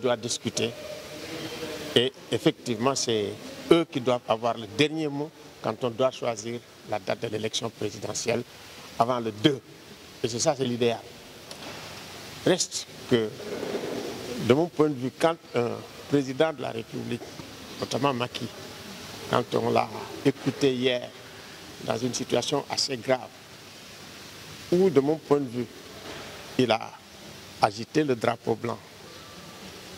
doit discuter. Et effectivement, c'est eux qui doivent avoir le dernier mot quand on doit choisir la date de l'élection présidentielle avant le 2. Et c'est ça, c'est l'idéal. Reste que, de mon point de vue, quand un président de la République, notamment Macky, quand on l'a écouté hier dans une situation assez grave, où, de mon point de vue, il a agité le drapeau blanc,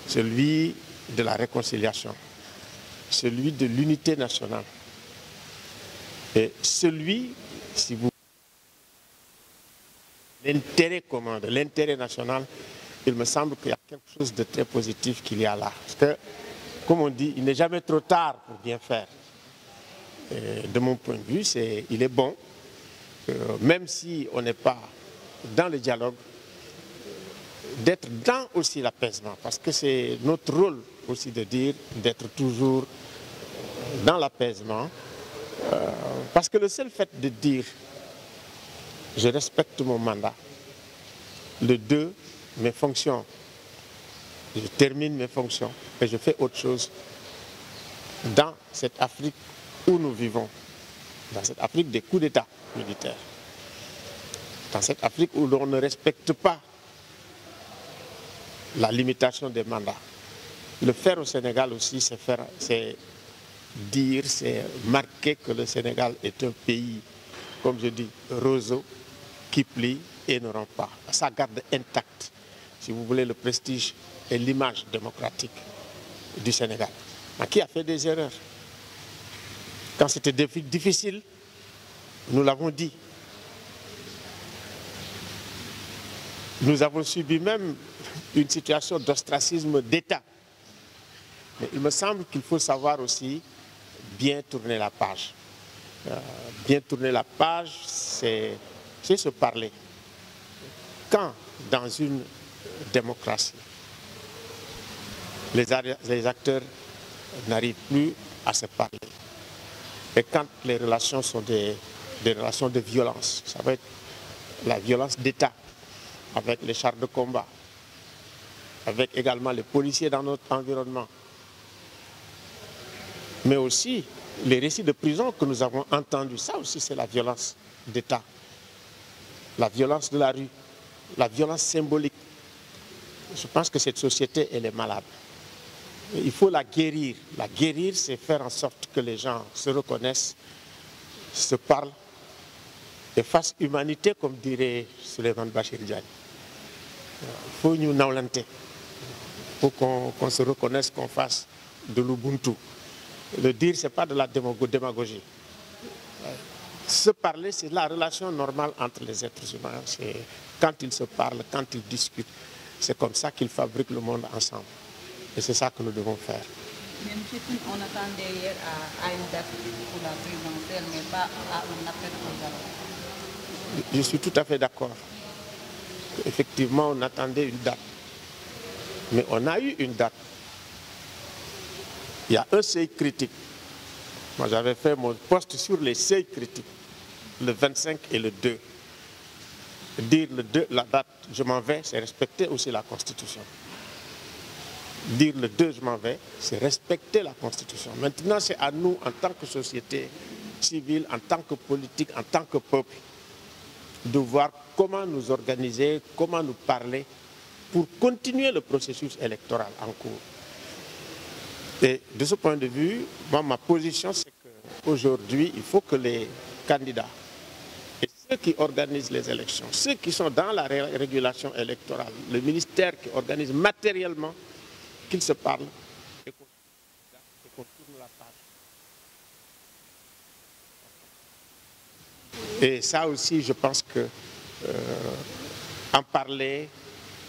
celui de la réconciliation, celui de l'unité nationale et celui, si vous l'intérêt commun, l'intérêt national, il me semble qu'il y a quelque chose de très positif qu'il y a là. Parce que, comme on dit, il n'est jamais trop tard pour bien faire. de mon point de vue, il est bon euh, même si on n'est pas dans le dialogue, d'être dans aussi l'apaisement, parce que c'est notre rôle aussi de dire d'être toujours dans l'apaisement, euh, parce que le seul fait de dire je respecte mon mandat, le deux, mes fonctions, je termine mes fonctions et je fais autre chose dans cette Afrique où nous vivons, dans cette Afrique des coups d'État militaires, dans cette Afrique où l'on ne respecte pas la limitation des mandats. Le faire au Sénégal aussi, c'est dire, c'est marquer que le Sénégal est un pays, comme je dis, roseau, qui plie et ne rentre pas. Ça garde intact, si vous voulez, le prestige et l'image démocratique du Sénégal. Mais qui a fait des erreurs Quand c'était difficile, nous l'avons dit, Nous avons subi même une situation d'ostracisme d'État. il me semble qu'il faut savoir aussi bien tourner la page. Euh, bien tourner la page, c'est se parler. Quand, dans une démocratie, les, acteurs n'arrivent plus à se parler, et quand les relations sont des relations de violence, ça va être la violence d'État, avec les chars de combat, avec également les policiers dans notre environnement, mais aussi les récits de prison que nous avons entendus. Ça aussi, c'est la violence d'État, la violence de la rue, la violence symbolique. Je pense que cette société, elle est malade. Il faut la guérir. La guérir, c'est faire en sorte que les gens se reconnaissent, se parlent et fassent humanité, comme dirait Suleiman Bachir il faut qu'on se reconnaisse qu'on fasse de l'Ubuntu. Le dire, ce n'est pas de la démagogie. Se parler, c'est la relation normale entre les êtres humains. quand ils se parlent, quand ils discutent. C'est comme ça qu'ils fabriquent le monde ensemble. Et c'est ça que nous devons faire. Même si on à, une pour la mais pas à Je suis tout à fait d'accord effectivement, on attendait une date. Mais on a eu une date. Il y a un seuil critique. Moi, j'avais fait mon poste sur les seuils critiques, le 25 et le 2. Dire le 2, la date, je m'en vais, c'est respecter aussi la Constitution. Dire le 2, je m'en vais, c'est respecter la Constitution. Maintenant, c'est à nous, en tant que société civile, en tant que politique, en tant que peuple, de voir comment nous organiser, comment nous parler pour continuer le processus électoral en cours. Et de ce point de vue, moi, ma position, c'est qu'aujourd'hui, il faut que les candidats et ceux qui organisent les élections, ceux qui sont dans la régulation électorale, le ministère qui organise matériellement, qu'ils se parlent et qu'on tourne la page. Et ça aussi, je pense que euh, en parler,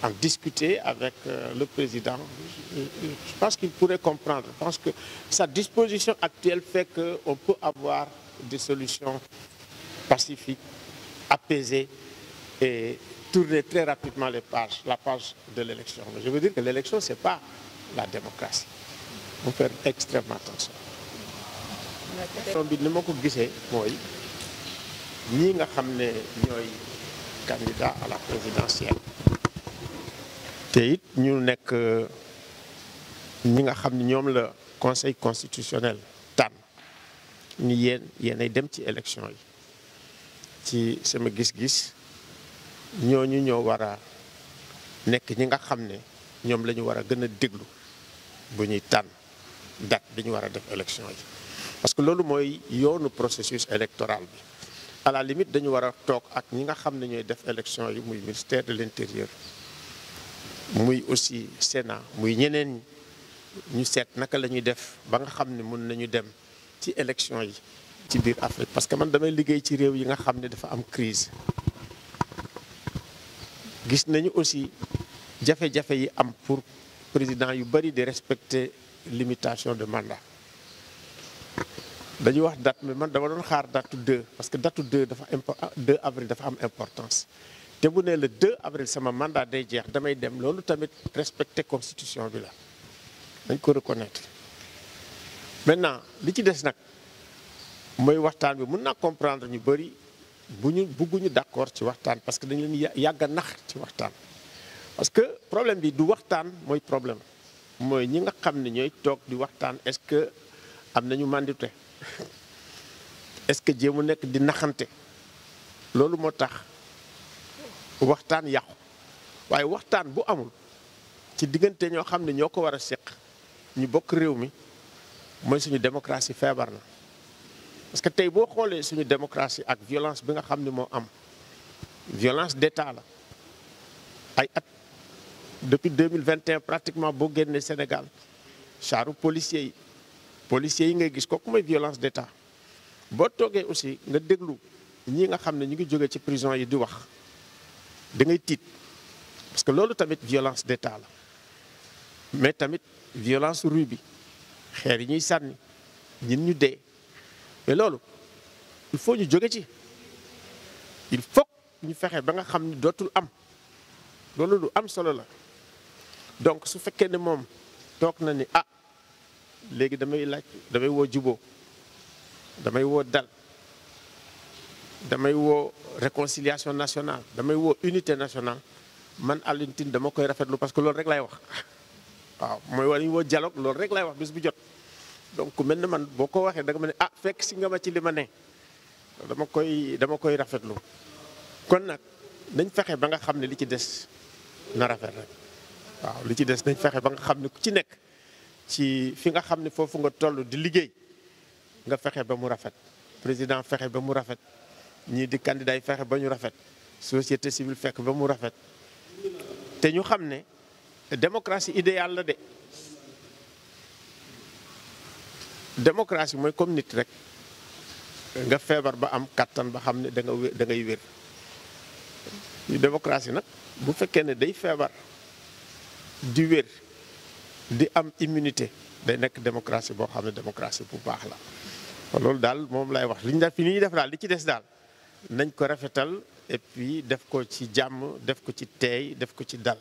en discuter avec euh, le président. Je pense qu'il pourrait comprendre. Je pense que sa disposition actuelle fait qu'on peut avoir des solutions pacifiques, apaisées et tourner très rapidement les pages, la page de l'élection. Je veux dire que l'élection, ce n'est pas la démocratie. Il faut faire extrêmement attention candidat à la présidentielle te it ñu nekk euh, ñi nga xam ne ñoom la conseil constitutionnel tànn ni yéen yéenay dem ci élection yi ci sama gis-gis ñooñu ñoo war a nekk ñi nga xam ne ñoom la ñu war a gën a déglu bu ñuy tànn date bi ñu war a def élection yi parce que loolu mooy yoonu processus électoral bi à la limite dañu wara tok ak ñi nga xam ne def élection yi muy ministère de l'intérieur muy aussi Sénat muy ñeneen ñu sét naka lañuy def ba nga xamné mën nañu dem ci élection yi ci biir Afrique parce que man damay liggéey ci réew yi nga xamné dafa am crise gis nañu aussi jafé jafé yi am pour président yu bari di respecter limitation de mandat dañuy wax date mais man dama doon xaar date 2 parce que date 2 dafa impo 2 ah, avril dafa am importance te bu ne la 2 avril sama mandat day jeex damay dem loolu tamit respecter constitution bi la dañ ko reconnaître maintenant li ci des nag mooy waxtaan bi mun naa comprendre ñu bëri bu ñu bugguñu d'accord ci waxtaan parce que dañu leen yàgg a nax ci waxtaan parce que problème bi du waxtaan mooy problème mooy ñi nga xam ne ñooy toog di waxtaan est-ce que am nañu mandité est-ce que jéemu nekk di naxante loolu moo tax waxtaan yàqu waaye waxtaan bu amul ci diggante ñoo xam ne ñoo ko war a seq ñu bokk réew mi mooy suñu démocratie feebar na parce que tey boo xoolee suñu démocratie ak violence bi nga xam ni moo am violence d'État la ay at depuis 2021 pratiquement boo génnee Sénégal chaaru policier yi policiers yi ngay gis ko comme violence d'État boo toogee aussi nga déglu ñi nga xam ne ñu ngi jógee ci prison yi di wax da ngay tit parce que lolu tamit violence d'État la mais tamit violence rue bi xeer yi ñuy sanni ñin ñu dé mais lolu il faut ñu jóge ci il faut ñu fexé ba nga xamni dotul am lolu lu am solo la donc su fekkee ne moom toog na ni ah léegi damay laaj damay wo jubo damay wo dal damay wo réconciliation nationale damay wo unité nationale man Alioune dama koy rafetlu parce que lool rek lay wax waaw moy wani wo dialogue lool rek lay wax bis bu jot donc ku melni man boko ko da nga ma ah fekk si nga ma ci lima ne dama koy dama koy rafetlu kon nak nañ fexé ba nga xam li ci dess na rafet rek waaw li ci dess nañ fexé ba nga xam ku ci nek ci fi nga xamné fofu nga tollu di liggéey nga fexé ba mu rafet président fexé ba mu rafet ñi di candidat fexé ba ñu rafet société civile fekk ba mu rafet té ñu xamné démocratie idéale la dé démocratie moy comme nit rek nga fébar ba am katan ba xamné da nga da ngay wër ñu démocratie nak bu féké né day fébar di wër di am immunité day nekk démocratie boo xam ne démocratie bu baax la loolu daal moom lay wax li ñu def fi ñuy def daal li ci des daal nañ ko rafetal et def ko ci jàmm def ko ci teey def ko ci dal.